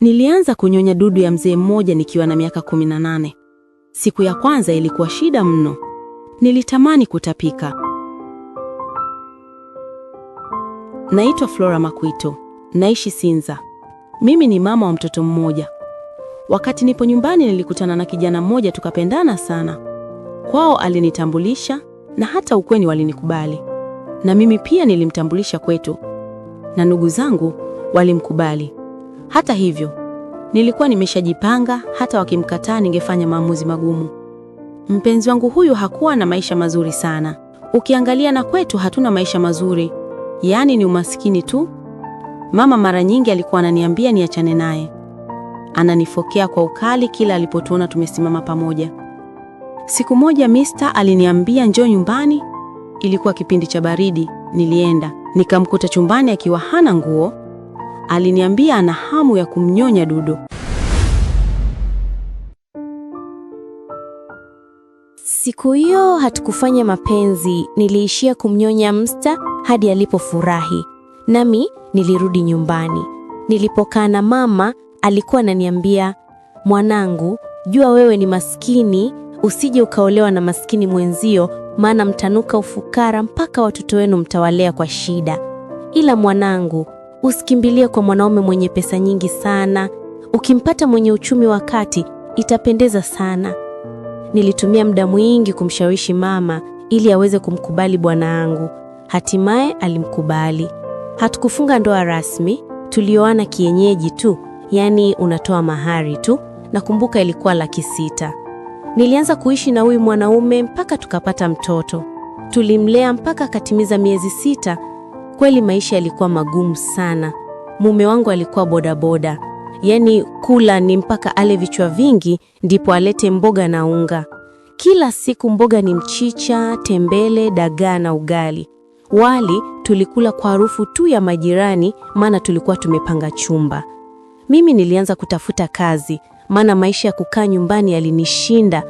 Nilianza kunyonya dudu ya mzee mmoja nikiwa na miaka 18. Siku ya kwanza ilikuwa shida mno. Nilitamani kutapika. Naitwa Flora Makwito, naishi Sinza. Mimi ni mama wa mtoto mmoja. Wakati nipo nyumbani nilikutana na kijana mmoja tukapendana sana. Kwao alinitambulisha na hata ukweni walinikubali. Na mimi pia nilimtambulisha kwetu. Na ndugu zangu walimkubali. Hata hivyo, nilikuwa nimeshajipanga, hata wakimkataa ningefanya maamuzi magumu. Mpenzi wangu huyu hakuwa na maisha mazuri sana. Ukiangalia na kwetu hatuna maisha mazuri, yaani ni umaskini tu. Mama mara nyingi alikuwa ananiambia niachane naye, ananifokea kwa ukali kila alipotuona tumesimama pamoja. Siku moja Mr. aliniambia njoo nyumbani. Ilikuwa kipindi cha baridi. Nilienda nikamkuta chumbani akiwa hana nguo, Aliniambia ana hamu ya kumnyonya Dudu. Siku hiyo hatukufanya mapenzi, niliishia kumnyonya Msta hadi alipofurahi, nami nilirudi nyumbani. Nilipokaa na mama, alikuwa ananiambia, mwanangu, jua wewe ni maskini, usije ukaolewa na maskini mwenzio, maana mtanuka ufukara mpaka watoto wenu mtawalea kwa shida. Ila mwanangu Usikimbilie kwa mwanaume mwenye pesa nyingi sana. Ukimpata mwenye uchumi wa kati, itapendeza sana. Nilitumia muda mwingi kumshawishi mama ili aweze kumkubali bwanaangu Hatimaye alimkubali. Hatukufunga ndoa rasmi, tulioana kienyeji tu, yaani unatoa mahari tu. Nakumbuka ilikuwa laki sita. Nilianza kuishi na huyu mwanaume mpaka tukapata mtoto. Tulimlea mpaka akatimiza miezi sita Kweli maisha yalikuwa magumu sana. Mume wangu alikuwa bodaboda, yaani kula ni mpaka ale vichwa vingi ndipo alete mboga na unga. Kila siku mboga ni mchicha, tembele, dagaa na ugali. Wali tulikula kwa harufu tu ya majirani, maana tulikuwa tumepanga chumba. Mimi nilianza kutafuta kazi, maana maisha ya kukaa nyumbani yalinishinda.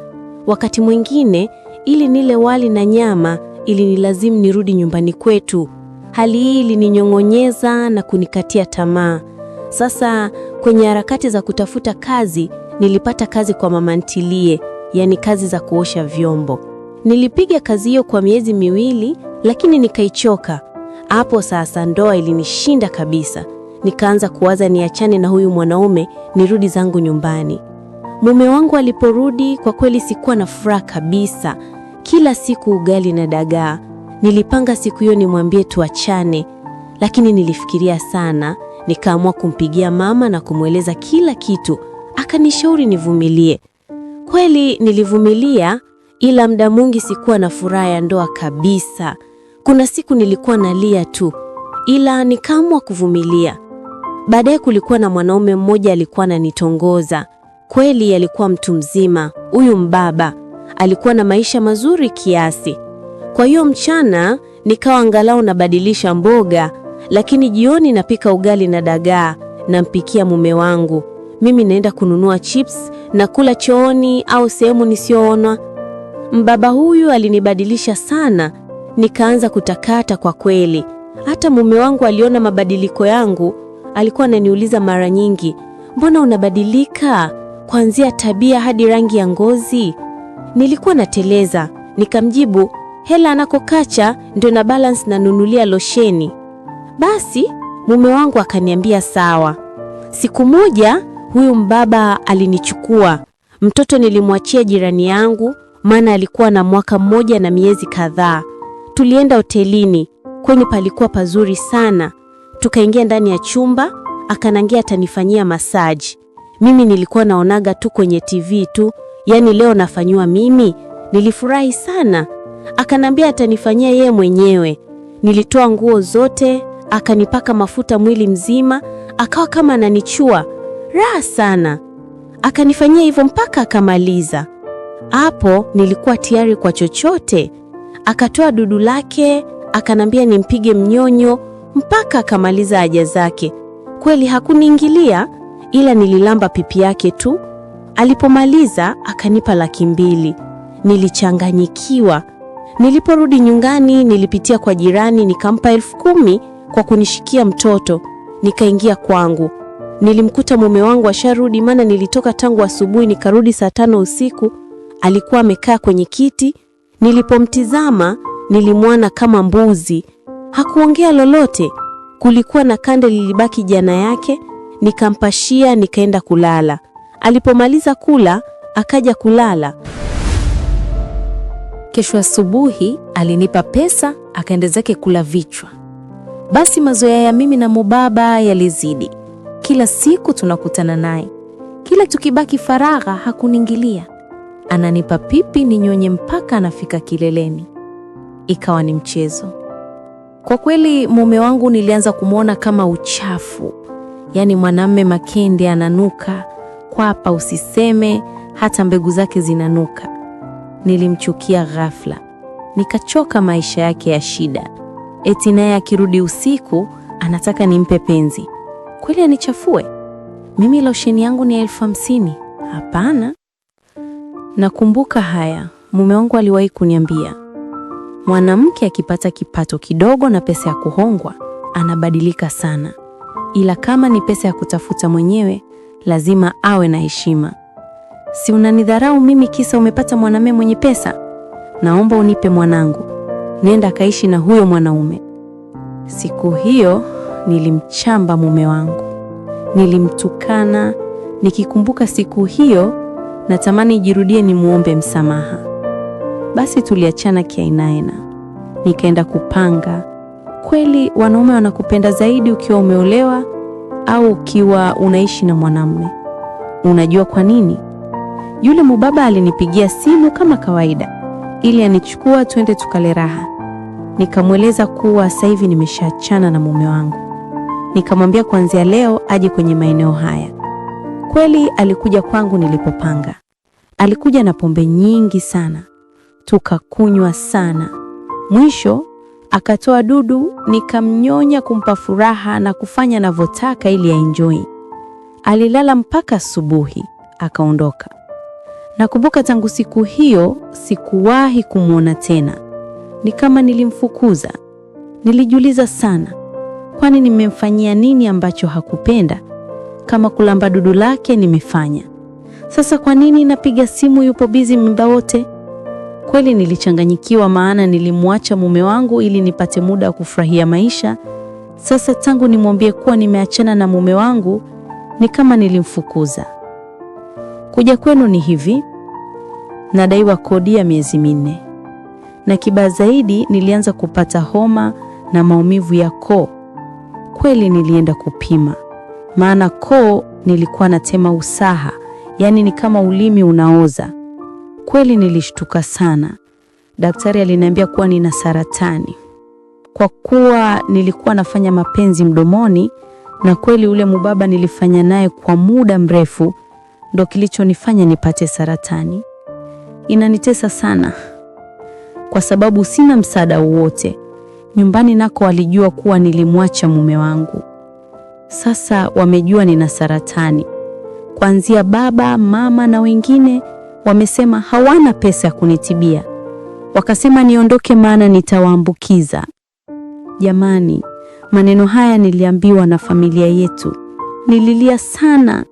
Wakati mwingine ili nile wali na nyama, ili nilazimu nirudi nyumbani kwetu. Hali hii ilininyong'onyeza na kunikatia tamaa. Sasa kwenye harakati za kutafuta kazi, nilipata kazi kwa mama ntilie, yaani kazi za kuosha vyombo. Nilipiga kazi hiyo kwa miezi miwili, lakini nikaichoka. Hapo sasa ndoa ilinishinda kabisa. Nikaanza kuwaza niachane na huyu mwanaume, nirudi zangu nyumbani. Mume wangu aliporudi, kwa kweli sikuwa na furaha kabisa. Kila siku ugali na dagaa. Nilipanga siku hiyo nimwambie tuachane, lakini nilifikiria sana, nikaamua kumpigia mama na kumweleza kila kitu. Akanishauri nivumilie. Kweli nilivumilia, ila muda mwingi sikuwa na furaha ya ndoa kabisa. Kuna siku nilikuwa nalia tu, ila nikaamua kuvumilia. Baadaye kulikuwa na mwanaume mmoja alikuwa ananitongoza. Kweli alikuwa mtu mzima, huyu mbaba alikuwa na maisha mazuri kiasi, kwa hiyo mchana nikawa angalau nabadilisha mboga, lakini jioni napika ugali na dagaa, nampikia mume wangu. Mimi naenda kununua chips na kula chooni au sehemu nisiyoonwa. Mbaba huyu alinibadilisha sana, nikaanza kutakata kwa kweli. Hata mume wangu aliona mabadiliko yangu, alikuwa ananiuliza mara nyingi, mbona unabadilika? Kuanzia tabia hadi rangi ya ngozi. Nilikuwa nateleza, nikamjibu hela anakokacha ndio na balance nanunulia losheni. Basi mume wangu akaniambia sawa. Siku moja huyu mbaba alinichukua mtoto, nilimwachia jirani yangu, maana alikuwa na mwaka mmoja na miezi kadhaa. Tulienda hotelini, kwenye palikuwa pazuri sana. Tukaingia ndani ya chumba, akanangia atanifanyia masaji. Mimi nilikuwa naonaga tu kwenye TV tu, yaani leo nafanyiwa mimi. Nilifurahi sana akanambia atanifanyia yeye mwenyewe. Nilitoa nguo zote, akanipaka mafuta mwili mzima, akawa kama ananichua. Raha sana, akanifanyia hivyo mpaka akamaliza. Hapo nilikuwa tayari kwa chochote. Akatoa dudu lake, akanambia nimpige mnyonyo mpaka akamaliza haja zake. Kweli hakuniingilia, ila nililamba pipi yake tu. Alipomaliza akanipa laki mbili. Nilichanganyikiwa. Niliporudi nyungani nilipitia kwa jirani nikampa elfu kumi kwa kunishikia mtoto. Nikaingia kwangu, nilimkuta mume wangu asharudi, maana nilitoka tangu asubuhi nikarudi saa tano usiku. Alikuwa amekaa kwenye kiti, nilipomtizama nilimwona kama mbuzi. Hakuongea lolote, kulikuwa na kande lilibaki jana yake. Nikampashia, nikaenda kulala. Alipomaliza kula, akaja kulala. Kesho asubuhi alinipa pesa akaenda zake kula vichwa. Basi mazoea ya mimi na Mubaba yalizidi. Kila siku tunakutana naye, kila tukibaki faragha hakuningilia ananipa pipi ninyonye mpaka anafika kileleni. Ikawa ni mchezo. Kwa kweli, mume wangu nilianza kumwona kama uchafu, yaani mwanamme makende ananuka, kwapa usiseme, hata mbegu zake zinanuka nilimchukia ghafla, nikachoka maisha yake ya shida. Eti naye akirudi usiku anataka nimpe penzi, kweli anichafue mimi? Losheni yangu ni elfu hamsini? Hapana. Nakumbuka haya, mume wangu aliwahi kuniambia, mwanamke akipata kipato kidogo na pesa ya kuhongwa anabadilika sana, ila kama ni pesa ya kutafuta mwenyewe lazima awe na heshima. Si unanidharau mimi kisa umepata mwanaume mwenye pesa? Naomba unipe mwanangu, nenda kaishi na huyo mwanaume. Siku hiyo nilimchamba mume wangu, nilimtukana. Nikikumbuka siku hiyo natamani ijirudie, nimwombe msamaha. Basi tuliachana kiainaina, nikaenda kupanga. Kweli wanaume wanakupenda zaidi ukiwa umeolewa au ukiwa unaishi na mwanamume. Unajua kwa nini? Yule mubaba alinipigia simu kama kawaida ili anichukua twende tukale raha. Nikamweleza kuwa sasa hivi nimeshaachana na mume wangu, nikamwambia kuanzia leo aje kwenye maeneo haya. Kweli alikuja kwangu nilipopanga. Alikuja na pombe nyingi sana, tukakunywa sana. Mwisho akatoa dudu, nikamnyonya kumpa furaha na kufanya anavyotaka ili aenjoy. Alilala mpaka asubuhi akaondoka. Nakumbuka tangu siku hiyo sikuwahi kumwona tena, ni kama nilimfukuza. Nilijiuliza sana, kwani nimemfanyia nini ambacho hakupenda? Kama kulamba dudu lake nimefanya, sasa kwa nini napiga simu yupo bizi muda wote? Kweli nilichanganyikiwa, maana nilimwacha mume wangu ili nipate muda wa kufurahia maisha. Sasa tangu nimwambie kuwa nimeachana na mume wangu, ni kama nilimfukuza. Kuja kwenu ni hivi, nadaiwa kodi ya miezi minne, na kibaya zaidi nilianza kupata homa na maumivu ya koo. Kweli nilienda kupima, maana koo nilikuwa natema usaha, yaani ni kama ulimi unaoza. Kweli nilishtuka sana. Daktari aliniambia kuwa nina saratani. Kwa kuwa nilikuwa nafanya mapenzi mdomoni, na kweli ule mubaba nilifanya naye kwa muda mrefu ndo kilichonifanya nipate saratani. Inanitesa sana kwa sababu sina msaada wowote. Nyumbani nako walijua kuwa nilimwacha mume wangu, sasa wamejua nina saratani. Kuanzia baba, mama na wengine wamesema hawana pesa ya kunitibia, wakasema niondoke, maana nitawaambukiza. Jamani, maneno haya niliambiwa na familia yetu, nililia sana.